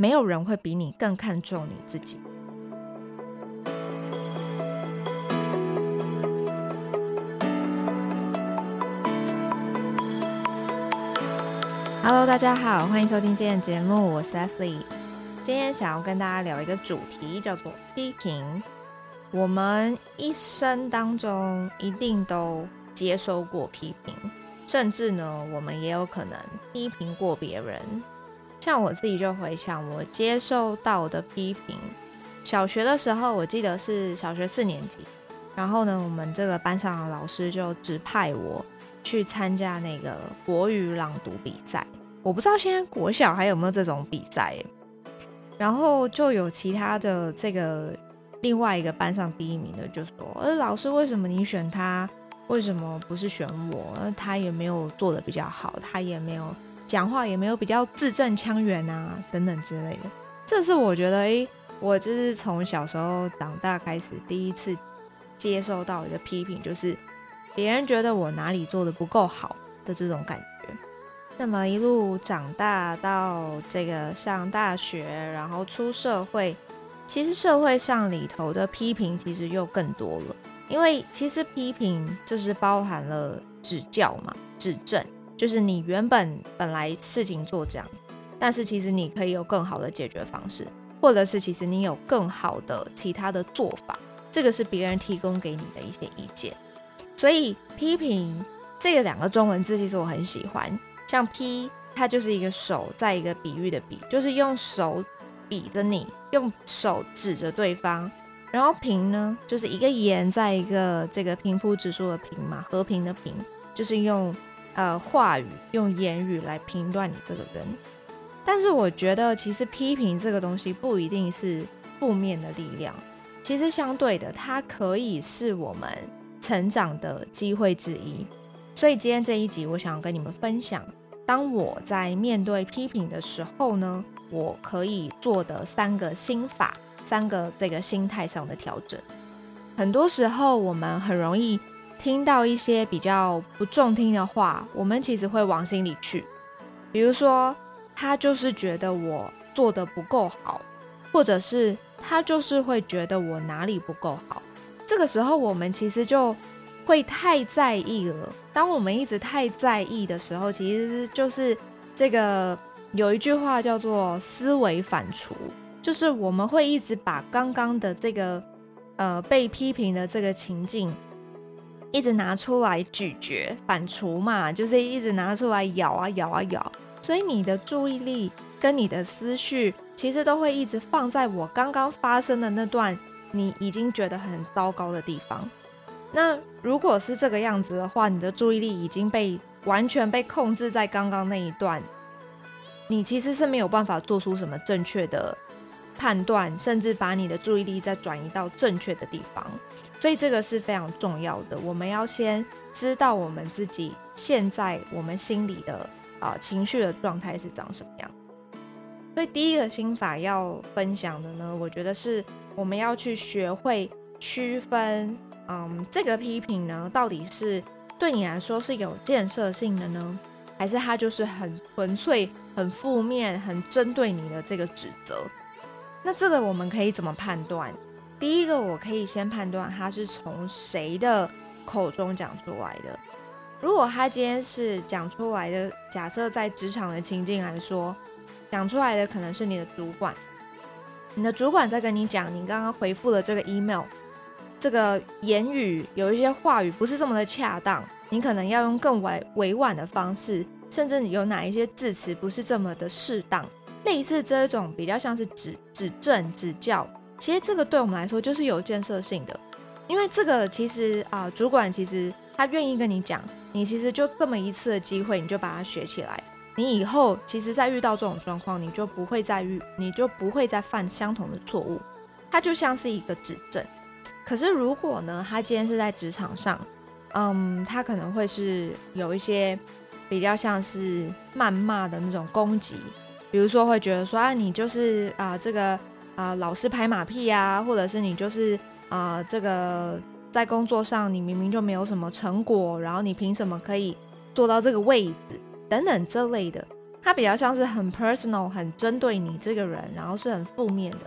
沒有人會比你更看重你自己。Hello，大家好，歡迎收聽今天的節目，我是 Leslie。今天想要跟大家聊一個主題，叫做批評。我們一生當中一定都接受過批評，甚至呢，我們也有可能批評過別人。像我自己就回想，我接受到的批評。小學的時候，我記得是小學四年級，然後呢，我們這個班上的老師就指派我去參加那個國語朗讀比賽。我不知道現在國小還有沒有這種比賽。然後就有其他的這個另外一個班上第一名的就說：“呃，老師，為什麼你選他？為什麼不是選我？他也沒有做得比較好，他也沒有。”講話也沒有比較字正腔圓啊，等等之類的。這是我覺得，哎，我就是從小時候長大開始，第一次接受到一個批評，就是別人覺得我哪裡做得不夠好的這種感覺。那麼一路長大到這個上大學，然後出社會，其實社會上裡頭的批評其實又更多了，因為其實批評就是包含了指教嘛，指正。就是你原本本來事情做這樣，但是其實你可以有更好的解決方式，或者是其實你有更好的其他的做法，這個是別人提供給你的一些意見。所以批評這個兩個中文字其實我很喜歡，像批，它就是一個手在一個比喻的比，就是用手比着你，用手指着對方；然後評呢，就是一個言在一個這個平鋪直敘的平嘛，和平的平，就是用。呃，話語用言語來評斷你這個人，但是我覺得其實批評這個東西不一定是負面的力量，其實相對的，它可以是我們成長的機會之一。所以今天這一集，我想要跟你們分享，當我在面對批評的時候呢，我可以做的三個心法，三個這個心態上的調整。很多時候，我們很容易。聽到一些比較不中聽的話，我們其實會往心裡去。比如說，他就是覺得我做得不夠好，或者是他就是會覺得我哪裡不夠好。這個時候，我們其實就會太在意了。當我們一直太在意的時候，其實就是這個有一句話叫做“思維反芻”，就是我們會一直把剛剛的這個呃被批評的這個情境。一直拿出來咀嚼，反芻嘛，就是一直拿出來咬啊咬啊咬，所以你的注意力跟你的思緒其實都會一直放在我剛剛發生的那段你已經覺得很糟糕的地方。那如果是這個樣子的話，你的注意力已經被完全被控制在剛剛那一段，你其實是沒有辦法做出什麼正確的判斷，甚至把你的注意力再轉移到正確的地方。所以這個是非常重要的，我們要先知道我們自己現在我們心裡的啊、呃、情緒的狀態是長什麼樣。所以第一個心法要分享的呢，我覺得是我們要去學會區分，嗯，這個批評呢，到底是對你來說是有建設性的呢，還是它就是很純粹、很負面、很針對你的這個指責？那這個我們可以怎麼判斷？第一個，我可以先判斷他是從誰的口中講出來的。如果他今天是講出來的，假設在職場的情境來說，講出來的可能是你的主管。你的主管在跟你講，你剛剛回復了這個 email，這個言語有一些話語不是這麼的恰當，你可能要用更委委婉的方式，甚至你有哪一些字詞不是這麼的適當，類似這種比較像是指指正、指教。其實這個對我們來說就是有建設性的，因為這個其實啊、呃，主管其實他願意跟你講，你其實就這麼一次的機會，你就把它學起來，你以後其實再遇到這種狀況，你就不會再遇，你就不會再犯相同的錯誤。他就像是一個指正。可是如果呢，他今天是在職場上，嗯，他可能會是有一些比較像是謾罵的那種攻擊，比如說會覺得說，啊你就是啊、呃、這個。啊、呃，老是拍馬屁啊，或者是你就是啊、呃，這個在工作上你明明就沒有什麼成果，然後你憑什麼可以坐到這個位置等等這類的，他比較像是很 personal，很針對你這個人，然後是很負面的。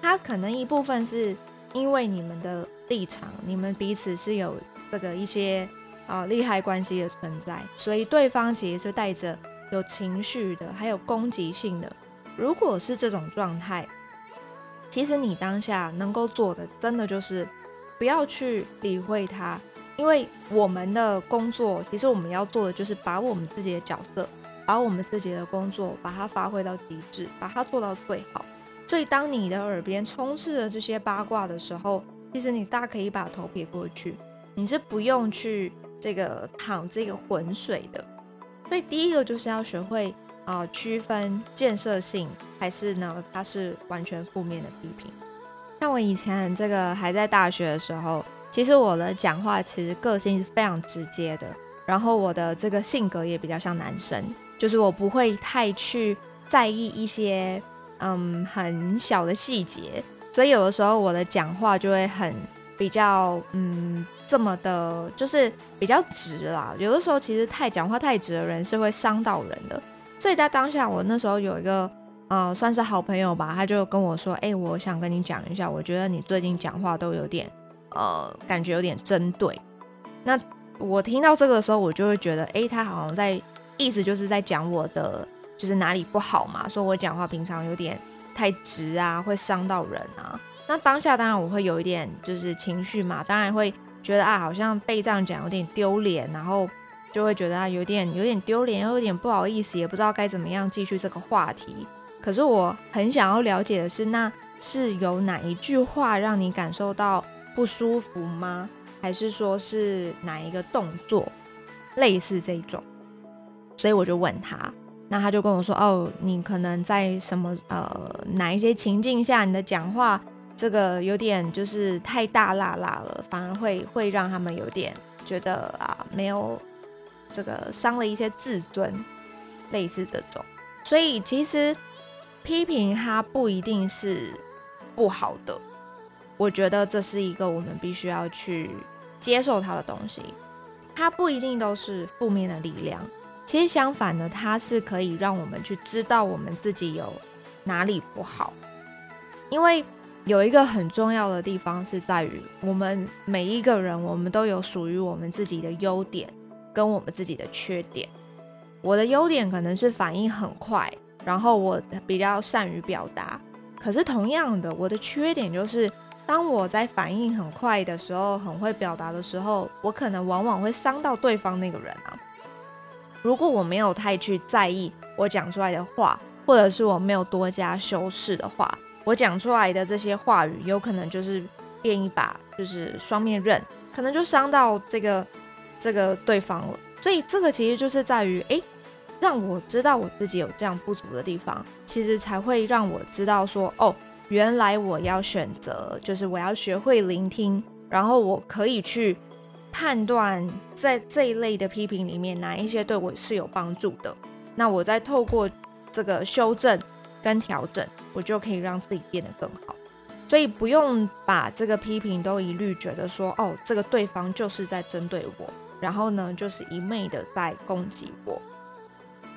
他可能一部分是因為你們的立場，你們彼此是有這個一些啊、呃、利害關係的存在，所以對方其實是帶着有情緒的，還有攻擊性的。如果是這種狀態。其實你當下能夠做的，真的就是不要去理會它，因為我們的工作，其實我們要做的就是把我們自己的角色，把我們自己的工作，把它發揮到極致，把它做到最好。所以，當你的耳邊充斥着這些八卦的時候，其實你大可以把頭撇過去，你是不用去這個淌這個渾水的。所以，第一個就是要學會。啊，區分建設性還是呢？它是完全負面的批評。像我以前這個還在大學的時候，其實我的講話其實個性是非常直接的。然後我的這個性格也比較像男生，就是我不會太去在意一些嗯很小的細節。所以有的時候我的講話就會很比較嗯這麼的，就是比較直啦。有的時候其實太講話太直的人是會傷到人的。所以在當下，我那時候有一個，呃，算是好朋友吧，他就跟我說：“欸，我想跟你講一下，我覺得你最近講話都有點，呃，感覺有點針對。”那我聽到這個時候，我就會覺得：“欸，他好像在，意思就是在講我的，就是哪裡不好嘛，說我講話平常有點太直啊，會傷到人啊。”那當下當然我會有一點就是情緒嘛，當然會覺得啊，好像被這樣講有點丟臉，然後，就會覺得啊，有點有點丟臉，又有點不好意思，也不知道該怎麼樣繼續這個話題。可是我很想要了解的是，那是有哪一句話讓你感受到不舒服嗎？還是說是哪一個動作，類似這種？所以我就問他，那他就跟我說：“哦，你可能在什麼呃哪一些情境下，你的講話這個有點就是太大剌剌了，反而會會讓他們有點覺得啊、呃、沒有。”這個傷了一些自尊，類似這種，所以其實批評它不一定是不好的。我覺得這是一個我們必須要去接受它的東西，它不一定都是負面的力量。其實相反的，它是可以讓我們去知道我們自己有哪裡不好。因為有一個很重要的地方是在於，我們每一個人，我們都有屬於我們自己的優點。跟我們自己的缺點，我的優點可能是反應很快，然後我比較善於表達。可是同樣的，我的缺點就是，當我在反應很快的時候，很會表達的時候，我可能往往會傷到對方那個人啊。如果我沒有太去在意我講出來的話，或者是我沒有多加修飾的話，我講出來的這些話語，有可能就是變一把就是雙面刃，可能就傷到這個。這個對方了，所以這個其實就是在於誒，讓我知道我自己有這樣不足的地方，其實才會讓我知道說哦，原來我要選擇，就是我要學會聆聽，然後我可以去判斷在這一類的批評裡面哪一些對我是有幫助的，那我再透過這個修正跟調整，我就可以讓自己變得更好，所以不用把這個批評都一律覺得說哦，這個對方就是在針對我。然後呢，就是一昧的在攻擊我。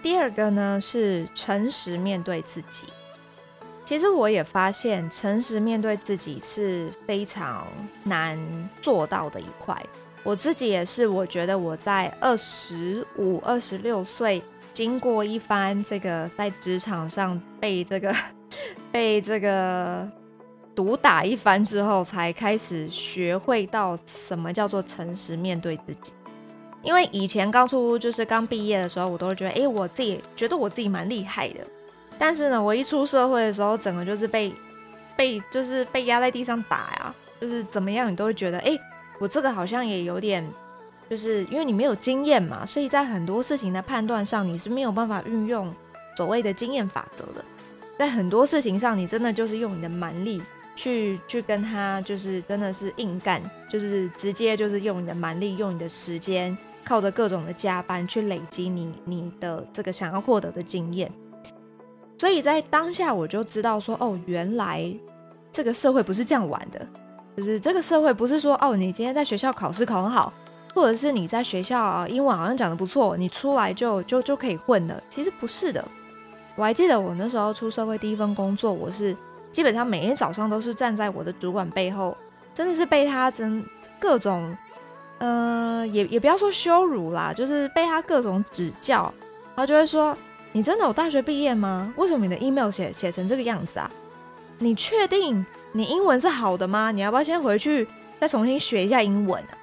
第二個呢，是誠實面對自己。其實我也發現，誠實面對自己是非常難做到的一塊。我自己也是，我覺得我在二十五、二十六歲，經過一番這個在職場上被這個被這個毒打一番之後，才開始學會到什麼叫做誠實面對自己。因為以前剛出，就是剛畢業的時候，我都會覺得，欸，我自己覺得我自己蠻厲害的。但是呢，我一出社會的時候，整個就是被，被就是被壓在地上打啊，就是怎麼樣，你都會覺得，欸，我這個好像也有點，就是因為你沒有經驗嘛，所以在很多事情的判斷上，你是沒有辦法運用所謂的經驗法則的。在很多事情上，你真的就是用你的蠻力去去跟他，就是真的是硬幹，就是直接就是用你的蠻力，用你的時間。靠着各種的加班去累積你你的這個想要獲得的經驗，所以在當下我就知道說，哦，原來這個社會不是這樣玩的，就是這個社會不是說，哦，你今天在學校考試考很好，或者是你在學校啊，英文好像講得不錯，你出來就就就可以混了，其實不是的。我還記得我那時候出社會第一份工作，我是基本上每天早上都是站在我的主管背後，真的是被他整各種。呃，也也不要說羞辱啦，就是被他各種指教，他就會說：“你真的有大學畢業嗎？為什麼你的 email 寫寫成這個樣子啊？你確定你英文是好的嗎？你要不要先回去再重新學一下英文啊？”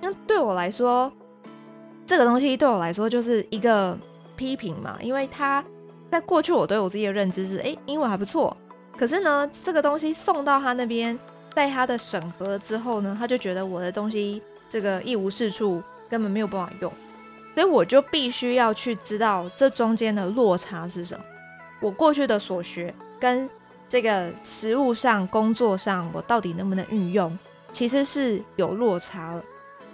那對我來說，這個東西對我來說就是一個批評嘛，因為他在過去我對我自己的認知是：欸，英文還不錯。可是呢，這個東西送到他那邊，在他的審核之後呢，他就覺得我的東西。這個一無是處，根本沒有辦法用，所以我就必須要去知道這中間的落差是什麼。我過去的所學跟這個實務上、工作上，我到底能不能運用，其實是有落差了。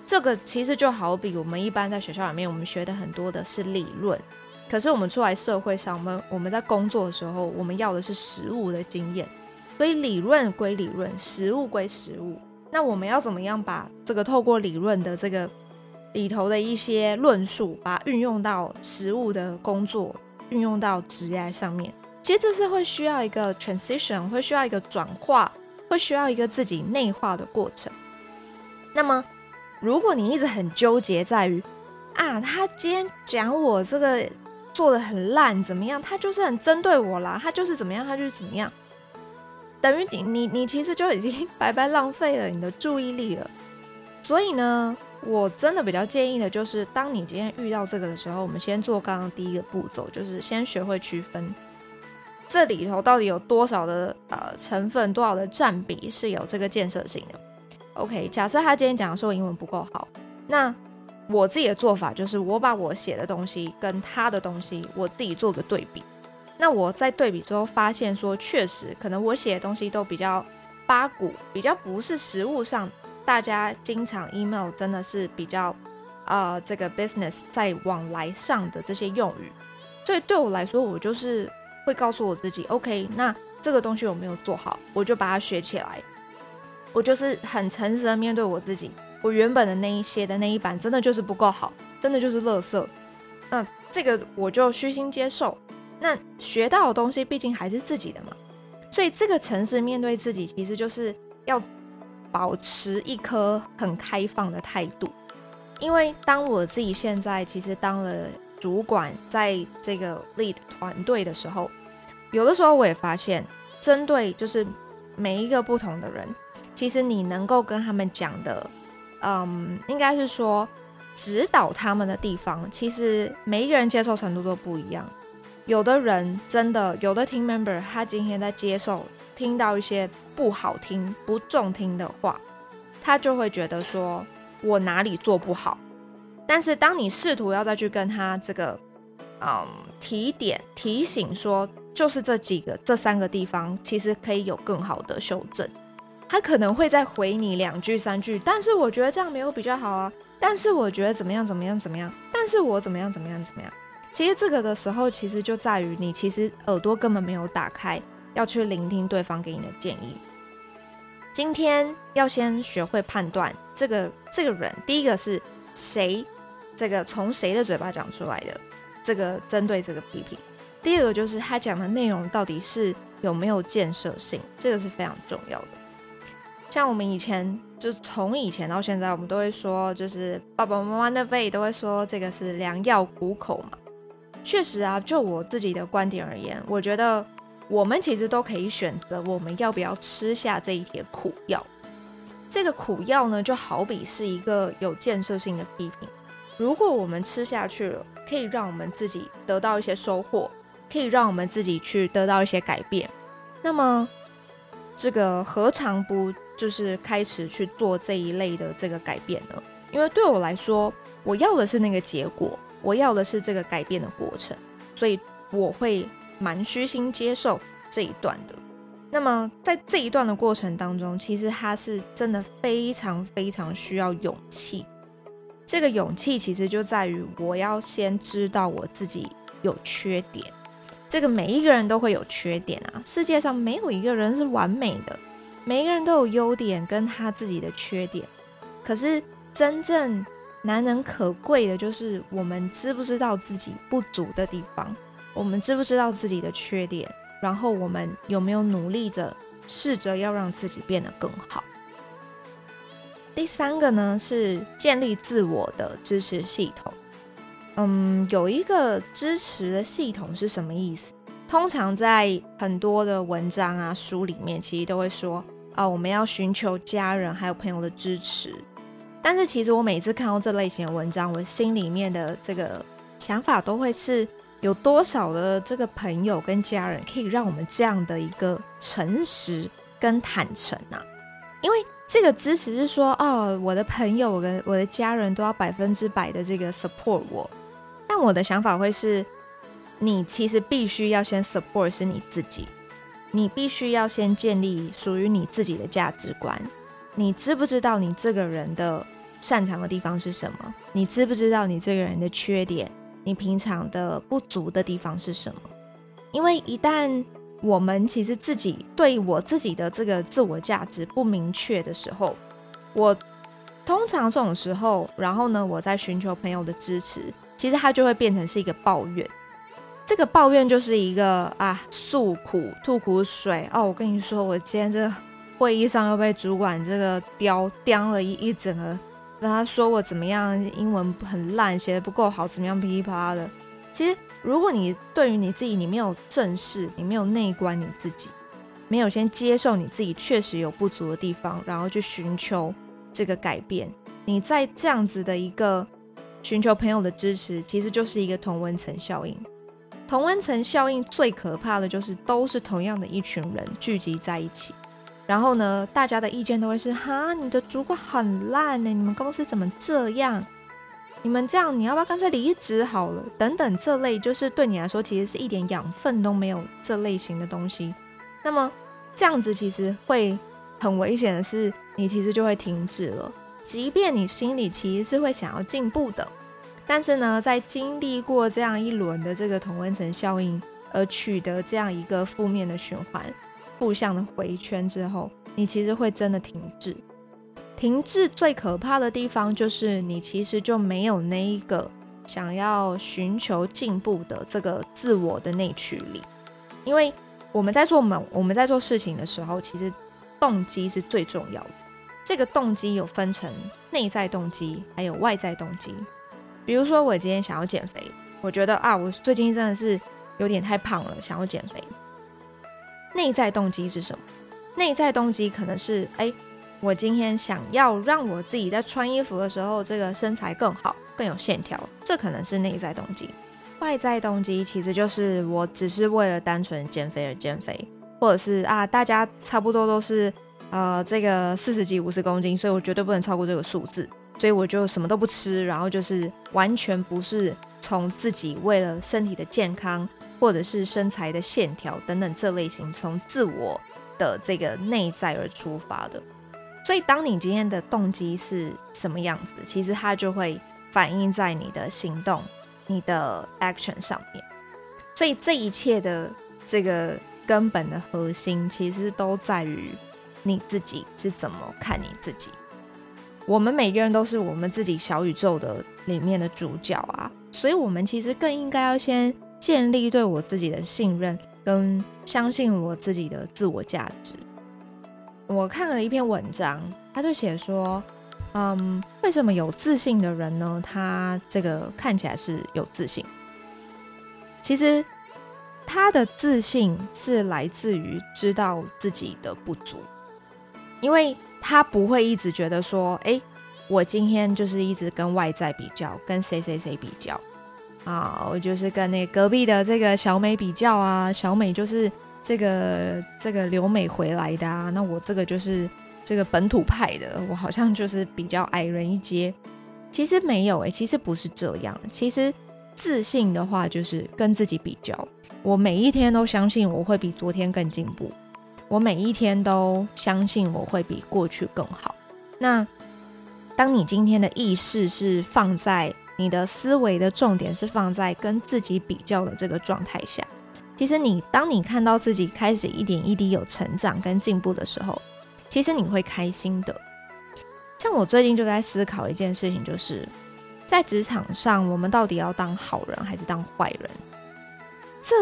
這個其實就好比我們一般在學校裡面，我們學的很多的是理論，可是我們出來社會上，我們我們在工作的時候，我們要的是實務的經驗，所以理論歸理論，實務歸實務。那我們要怎麼樣把這個透過理論的這個裡頭的一些論述，把它運用到實務的工作，運用到職業上面？其實這是會需要一個 transition，會需要一個轉化，會需要一個自己內化的過程。那麼，如果你一直很糾結在於啊，他今天講我這個做的很爛，怎麼樣？他就是很針對我啦，他就是怎麼樣，他就是怎麼樣。等於你你你其實就已經白白浪費了你的注意力了。所以呢，我真的比較建議的就是，當你今天遇到這個的時候，我們先做剛剛第一個步驟，就是先學會區分這裡頭到底有多少的呃成分，多少的占比是有這個建設性的。OK，假設他今天講的時候英文不夠好，那我自己的做法就是我把我寫的東西跟他的東西我自己做個對比。那我在對比之後發現說，確實可能我寫的東西都比較八股，比較不是實務上大家經常 email 真的是比較啊、呃、這個 business 在往來上的這些用語，所以對我來說，我就是會告訴我自己，OK，那這個東西我沒有做好，我就把它學起來，我就是很誠實的面對我自己，我原本的那一寫的那一版真的就是不夠好，真的就是垃圾，那這個我就虛心接受。那學到的東西畢竟還是自己的嘛，所以這個層次面對自己，其實就是要保持一顆很開放的態度。因為當我自己現在其實當了主管，在這個 lead 團隊的時候，有的時候我也發現，針對就是每一個不同的人，其實你能夠跟他們講的，嗯，應該是說指導他們的地方，其實每一個人接受程度都不一樣。有的人真的，有的 team member，他今天在接受聽到一些不好聽、不中聽的話，他就會覺得說，我哪裡做不好。但是當你試圖要再去跟他這個，嗯，提點提醒說，就是這幾個、這三個地方，其實可以有更好的修正，他可能會再回你兩句、三句。但是我覺得這樣沒有比較好啊。但是我覺得怎麼樣？怎麼樣？怎麼樣？但是我怎麼樣？怎麼樣？怎麼樣？其實這個的時候，其實就在於你其實耳朵根本沒有打開，要去聆聽對方給你的建議。今天要先學會判斷這個這個人，第一個是誰，這個從誰的嘴巴講出來的，這個針對這個批評；第二個就是他講的內容到底是有沒有建設性，這個是非常重要的。像我們以前就從以前到現在，我們都會說，就是爸爸媽媽那輩都會說，這個是良藥苦口嘛。確實啊，就我自己的觀點而言，我覺得我們其實都可以選擇，我們要不要吃下這一帖苦藥。這個苦藥呢，就好比是一個有建設性的批評。如果我們吃下去了，可以讓我們自己得到一些收穫，可以讓我們自己去得到一些改變。那麼，這個何嘗不就是開始去做這一類的這個改變呢？因為對我來說，我要的是那個結果。我要的是這個改變的過程，所以我會蠻虛心接受這一段的。那麼在這一段的過程當中，其實他是真的非常非常需要勇氣。這個勇氣其實就在於我要先知道我自己有缺點。這個每一個人都會有缺點啊，世界上沒有一個人是完美的，每一個人都有優點跟他自己的缺點。可是真正難能可貴的就是我們知不知道自己不足的地方，我們知不知道自己的缺點，然後我們有沒有努力着，試着要讓自己變得更好。第三個呢，是建立自我的支持系統。嗯，有一個支持的系統是什麼意思？通常在很多的文章啊、書裡面，其實都會說啊，我們要尋求家人還有朋友的支持。但是其實我每次看到這類型的文章，我心裡面的這個想法都會是，有多少的這個朋友跟家人可以讓我們這樣的一個誠實跟坦誠啊？因為這個支持是說，哦，我的朋友我跟我的家人都要百分之百的這個 support 我。但我的想法會是，你其實必須要先 support 是，你自己，你必須要先建立屬於你自己的價值觀。你知不知道你這個人的擅長的地方是什麼？你知不知道你這個人的缺點？你平常的不足的地方是什麼？因為一旦我們其實自己對我自己的這個自我價值不明確的時候，我通常這種時候，然後呢，我在尋求朋友的支持，其實他就會變成是一個抱怨。這個抱怨就是一個啊訴苦、吐苦水哦。我跟你說，我今天真的。會議上又被主管這個刁刁了一一整個，跟他說我怎麼樣，英文很爛，寫得不夠好，怎麼樣，噼里啪啦的。其實，如果你對於你自己，你沒有正視，你沒有內觀你自己，沒有先接受你自己確實有不足的地方，然後去尋求這個改變，你在這樣子的一個尋求朋友的支持，其實就是一個同溫層效應。同溫層效應最可怕的就是都是同樣的一群人聚集在一起。然後呢，大家的意見都會是哈，你的主管很爛呢。欸，你們公司怎麼這樣？你們這樣，你要不要乾脆離職好了？等等這類就是對你來說其實是一點養分都沒有這類型的東西。那麼這樣子其實會很危險的是，你其實就會停止了，即便你心裡其實是會想要進步的，但是呢，在經歷過這樣一輪的這個同溫層效應而取得這樣一個負面的循環。互相的回圈之後，你其實會真的停滯。停滯最可怕的地方就是，你其實就沒有那一個想要尋求進步的這個自我的內驅力。因為我們在做某我，我們在做事情的時候，其實動機是最重要的。這個動機有分成內在動機還有外在動機。比如說，我今天想要減肥，我覺得啊，我最近真的是有點太胖了，想要減肥。內在動機是什麼？內在動機可能是，哎、欸，我今天想要讓我自己在穿衣服的時候，這個身材更好，更有線條，這可能是內在動機。外在動機其實就是，我只是為了單純減肥而減肥，或者是啊，大家差不多都是，呃，這個四十幾五十公斤，所以我絕對不能超過這個數字，所以我就什麼都不吃，然後就是完全不是從自己為了身體的健康，或者是身材的線條等等，這類型從自我的這個內在而出發的，所以當你今天的動機是什麼樣子，其實它就會反映在你的行動、你的 action 上面。所以這一切的這個根本的核心，其實都在於你自己是怎麼看你自己。我們每個人都是我們自己小宇宙的裡面的主角啊，所以我們其實更應該要先。建立對我自己的信任跟相信我自己的自我價值。我看了一篇文章，他就寫說，嗯，為什麼有自信的人呢？他這個看起來是有自信，其實他的自信是來自於知道自己的不足，因為他不會一直覺得說，誒，我今天就是一直跟外在比較，跟誰誰誰比較。啊，我就是跟那隔壁的這個小美比較啊，小美就是這個這個留美回來的啊，那我這個就是這個本土派的，我好像就是比較矮人一截。其實沒有誒、欸，其實不是這樣。其實自信的話，就是跟自己比較。我每一天都相信我會比昨天更進步，我每一天都相信我會比過去更好。那當你今天的意識是放在。你的思維的重點是放在跟自己比較的這個狀態下。其實你，你當你看到自己開始一點一滴有成長跟進步的時候，其實你會開心的。像我最近就在思考一件事情，就是在職場上，我們到底要當好人還是當壞人？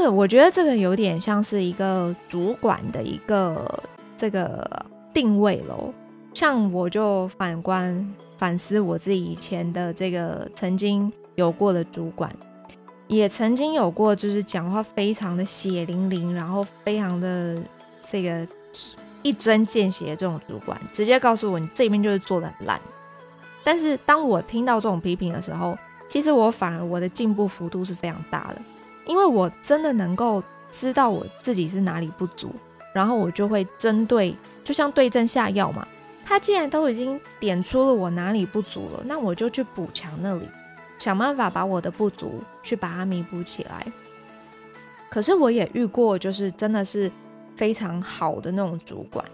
這我覺得這個有點像是一個主管的一個這個定位嘍。像我就反觀。反思我自己以前的這個曾經有過的主管，也曾經有過就是講話非常的血淋淋，然後非常的這個一針見血的這種主管，直接告訴我，你這邊就是做的很爛。但是當我聽到這種批評的時候，其實我反而我的進步幅度是非常大的，因為我真的能夠知道我自己是哪裡不足，然後我就會針對，就像對症下藥嘛。他既然都已經點出了我哪裡不足了，那我就去補強那裡，想辦法把我的不足去把它彌補起來。可是我也遇過，就是真的是非常好的那種主管，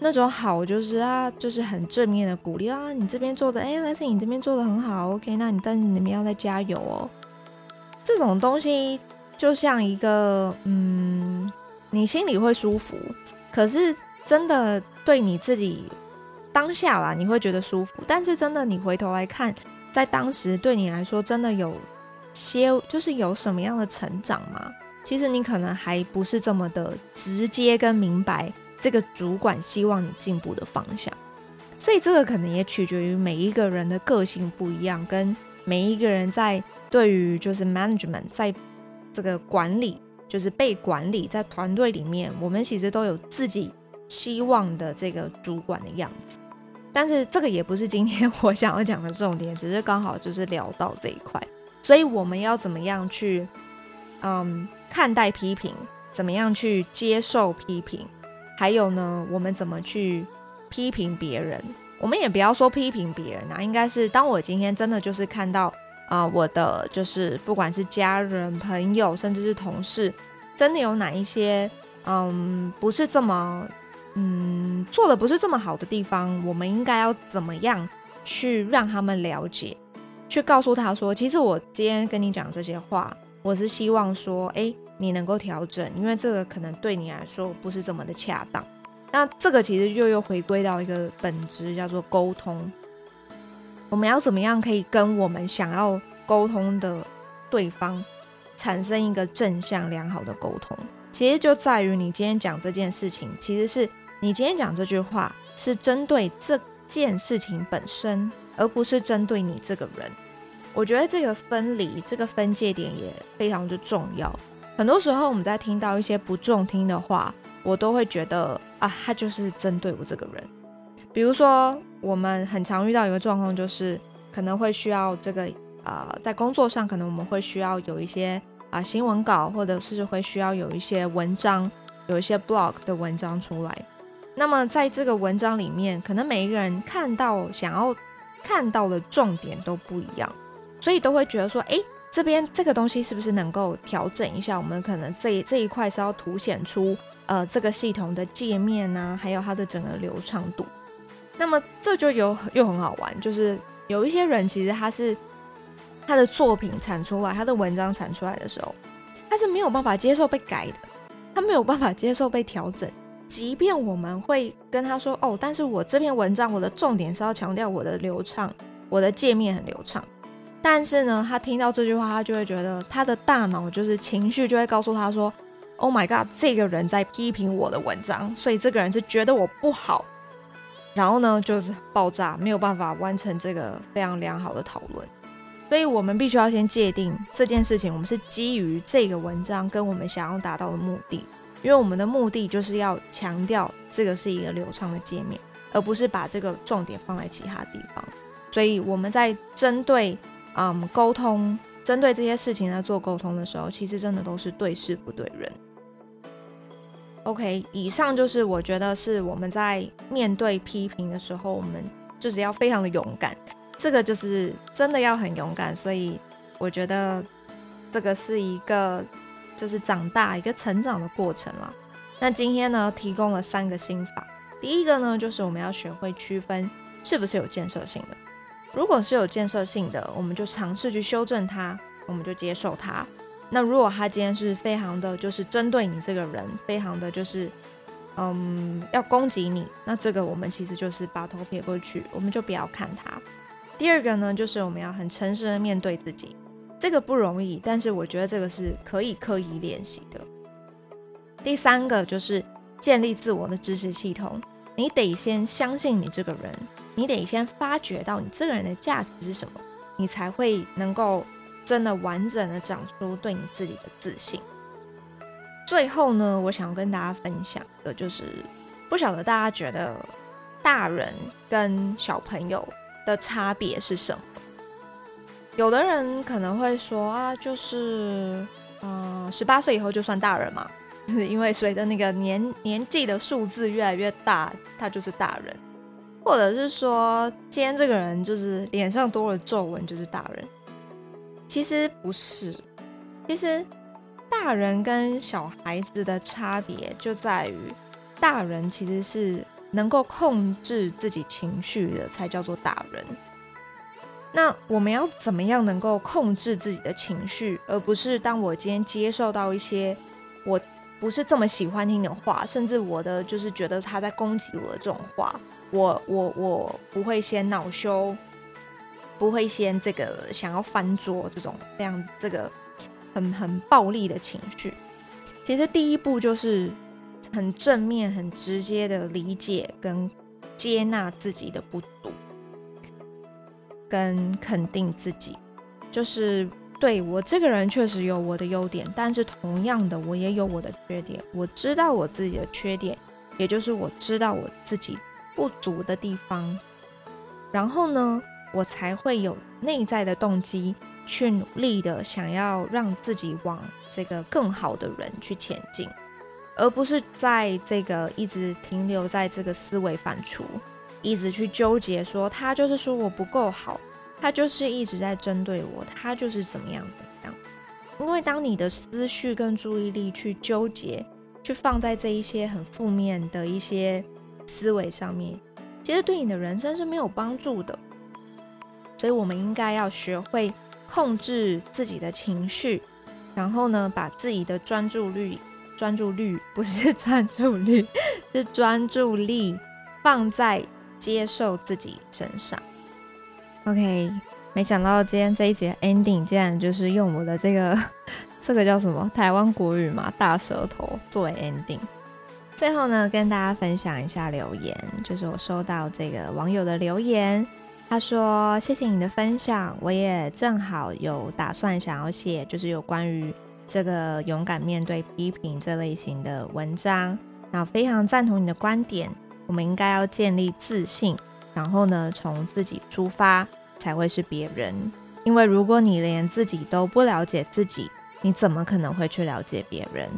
那種好就是啊，就是很正面的鼓勵啊，你這邊做的哎、欸、Lacy 你這邊做的很好，OK，那你但是你們要再加油哦。這種東西就像一個嗯，你心裡會舒服，可是真的對你自己。當下啦，你會覺得舒服，但是真的，你回頭來看，在當時對你來說，真的有些就是有什麼樣的成長嗎？其實你可能還不是這麼的直接跟明白這個主管希望你進步的方向，所以這個可能也取決於每一個人的個性不一樣，跟每一個人在對於就是 management，在這個管理，就是被管理，在團隊裡面，我們其實都有自己希望的這個主管的樣子。但是這個也不是今天我想要講的重點，只是剛好就是聊到這一塊，所以我們要怎麼樣去，嗯，看待批評，怎麼樣去接受批評，還有呢，我們怎麼去批評別人？我們也不要說批評別人啊，應該是當我今天真的就是看到啊，呃，我的就是不管是家人、朋友，甚至是同事，真的有哪一些，嗯，不是這麼。嗯，做的不是這麼好的地方，我們應該要怎麼樣去讓他們了解，去告訴他說，其實我今天跟你講這些話，我是希望說，哎、欸，你能夠調整，因為這個可能對你來說不是這麼的恰當。那這個其實就又回歸到一個本質，叫做溝通。我們要怎麼樣可以跟我們想要溝通的對方產生一個正向良好的溝通？其實就在於你今天講這件事情，其實是。你今天講這句話是針對這件事情本身，而不是針對你這個人。我覺得這個分離，這個分界點也非常之重要。很多時候，我們在聽到一些不中聽的話，我都會覺得啊，他就是針對我這個人。比如說，我們很常遇到一個狀況，就是可能會需要這個啊、呃，在工作上，可能我們會需要有一些啊、呃，新聞稿，或者是會需要有一些文章，有一些 blog 的文章出來。那麼，在這個文章裡面，可能每一個人看到想要看到的重點都不一樣，所以都會覺得說：“誒、欸，這邊這個東西是不是能夠調整一下？我們可能這一這一塊是要凸顯出呃這個系統的界面啊，還有它的整個流暢度。”那麼這就有又很好玩，就是有一些人其實他是他的作品產出來，他的文章產出來的時候，他是沒有辦法接受被改的，他沒有辦法接受被調整。即便我們會跟他說哦，但是我這篇文章我的重點是要強調我的流暢，我的界面很流暢。但是呢，他聽到這句話，他就會覺得他的大腦就是情緒就會告訴他說，Oh my God，這個人在批評我的文章，所以這個人是覺得我不好，然後呢就是爆炸，沒有辦法完成這個非常良好的討論。所以我們必須要先界定這件事情，我們是基於這個文章跟我們想要達到的目的。因為我們的目的就是要強調這個是一個流暢的界面，而不是把這個重點放在其他地方。所以我們在針對，嗯，溝通，針對這些事情呢做溝通的時候，其實真的都是對事不對人。OK，以上就是我覺得是我們在面對批評的時候，我們就是要非常的勇敢。這個就是真的要很勇敢。所以我覺得這個是一個。就是長大一個成長的過程了。那今天呢，提供了三個心法。第一個呢，就是我們要學會區分是不是有建設性的。如果是有建設性的，我們就嘗試去修正它，我們就接受它。那如果他今天是非常的，就是針對你這個人，非常的就是，嗯，要攻擊你，那這個我們其實就是把頭撇過去，我們就不要看他。第二個呢，就是我們要很誠實的面對自己。這個不容易，但是我覺得這個是可以刻意練習的。第三個就是建立自我的知識系統，你得先相信你這個人，你得先發掘到你這個人的價值是什麼，你才會能夠真的完整的長出對你自己的自信。最後呢，我想要跟大家分享的就是，不曉得大家覺得大人跟小朋友的差別是什麼？有的人可能會說啊，就是，嗯、呃，十八歲以後就算大人嘛，因為隨着那個年年紀的數字越來越大，他就是大人，或者是說，今天這個人就是臉上多了皺紋就是大人，其實不是，其實大人跟小孩子的差別就在於，大人其實是能夠控制自己情緒的，才叫做大人。那我們要怎麼樣能夠控制自己的情緒，而不是當我今天接受到一些我不是這麼喜歡聽的話，甚至我的就是覺得他在攻擊我的這種話，我我我不會先惱羞，不會先這個想要翻桌這種這樣這個很很暴力的情緒。其實第一步就是很正面、很直接的理解跟接納自己的不足。跟肯定自己，就是對我這個人確實有我的優點，但是同樣的，我也有我的缺點。我知道我自己的缺點，也就是我知道我自己不足的地方。然後呢，我才會有內在的動機去努力的，想要讓自己往這個更好的人去前進，而不是在這個一直停留在這個思維反芻。一直去糾結，說他就是說我不夠好，他就是一直在針對我，他就是怎麼樣怎樣。因為當你的思緒跟注意力去糾結，去放在這一些很負面的一些思維上面，其實對你的人生是沒有幫助的。所以，我們應該要學會控制自己的情緒，然後呢，把自己的專注力，專注力不是專注力，是專注力放在。接受自己身上。OK，沒想到今天這一集 ending 竟然就是用我的這個，這個叫什麼？台灣國語嘛，大舌頭作為 ending。最後呢，跟大家分享一下留言，就是我收到這個網友的留言，他說：“謝謝你的分享，我也正好有打算想要寫，就是有關於這個勇敢面對批評這類型的文章。”那非常贊同你的觀點。我們應該要建立自信，然後呢，從自己出發才會是別人。因為如果你連自己都不了解自己，你怎麼可能會去了解別人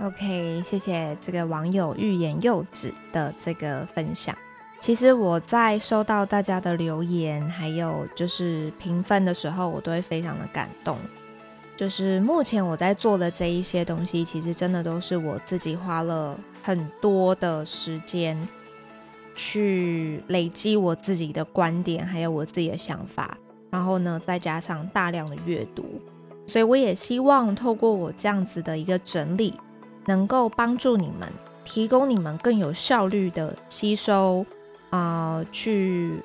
？OK，謝謝這個網友欲言又止的這個分享。其實我在收到大家的留言，還有就是評分的時候，我都會非常的感動。就是目前我在做的這一些東西，其實真的都是我自己花了。很多的時間去累積我自己的觀點，還有我自己的想法，然後呢，再加上大量的閱讀，所以我也希望透過我這樣子的一個整理，能夠幫助你們，提供你們更有效率的吸收啊、呃，去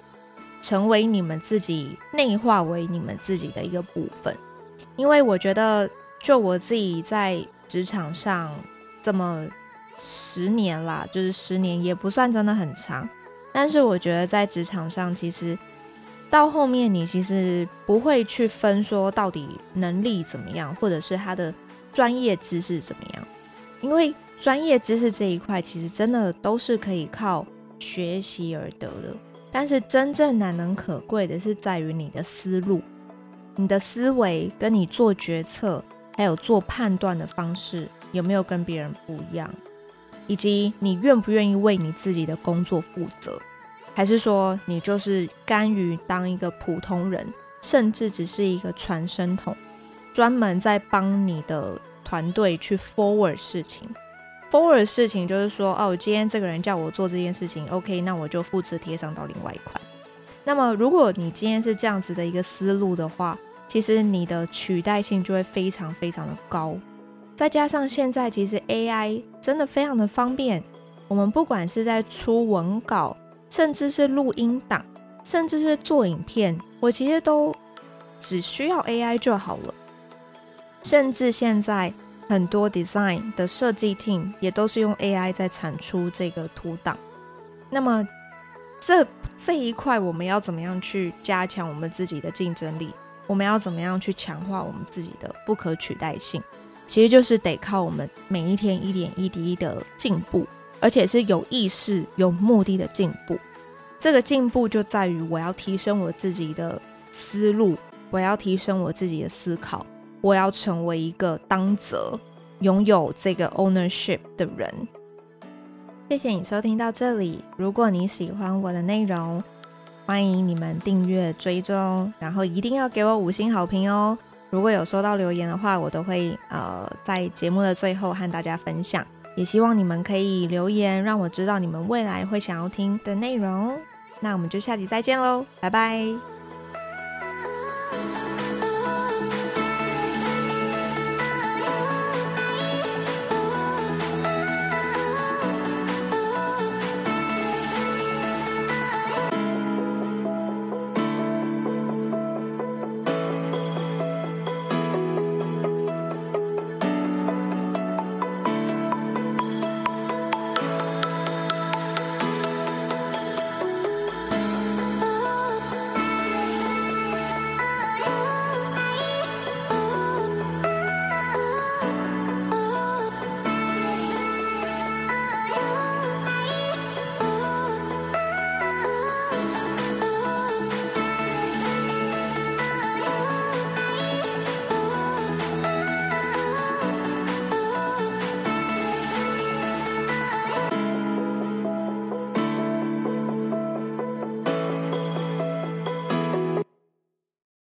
成為你們自己內化為你們自己的一個部分。因為我覺得，就我自己在職場上這麼。十年啦，就是十年也不算真的很長，但是我覺得在職場上，其實到後面你其實不會去分說到底能力怎麼樣，或者是他的專業知識怎麼樣，因為專業知識這一塊其實真的都是可以靠學習而得的。但是真正難能可貴的是在於你的思路、你的思維跟你做決策還有做判斷的方式有沒有跟別人不一樣。以及你願不願意為你自己的工作負責，還是說你就是甘於當一個普通人，甚至只是一個傳聲筒，專門在幫你的團隊去 forward 事情。forward 事情就是說，哦，今天這個人叫我做這件事情，OK，那我就複製貼上到另外一塊。那麼，如果你今天是這樣子的一個思路的話，其實你的取代性就會非常非常的高。再加上現在其實 AI 真的非常的方便，我們不管是在出文稿，甚至是錄音檔，甚至是做影片，我其實都只需要 AI 就好了。甚至現在很多 design 的設計 team 也都是用 AI 在產出這個圖檔。那麼這這一塊我們要怎麼樣去加強我們自己的競爭力？我們要怎麼樣去強化我們自己的不可取代性？其實就是得靠我們每一天一點一滴的進步，而且是有意識、有目的的進步。這個進步就在於我要提升我自己的思路，我要提升我自己的思考，我要成為一個當責、擁有這個 ownership 的人。謝謝你收聽到這裡，如果你喜歡我的內容，歡迎你們訂閱追蹤，然後一定要給我五星好評哦！如果有收到留言的話，我都會呃在節目的最後和大家分享。也希望你們可以留言，讓我知道你們未來會想要聽的內容。那我們就下集再見嘍，拜拜。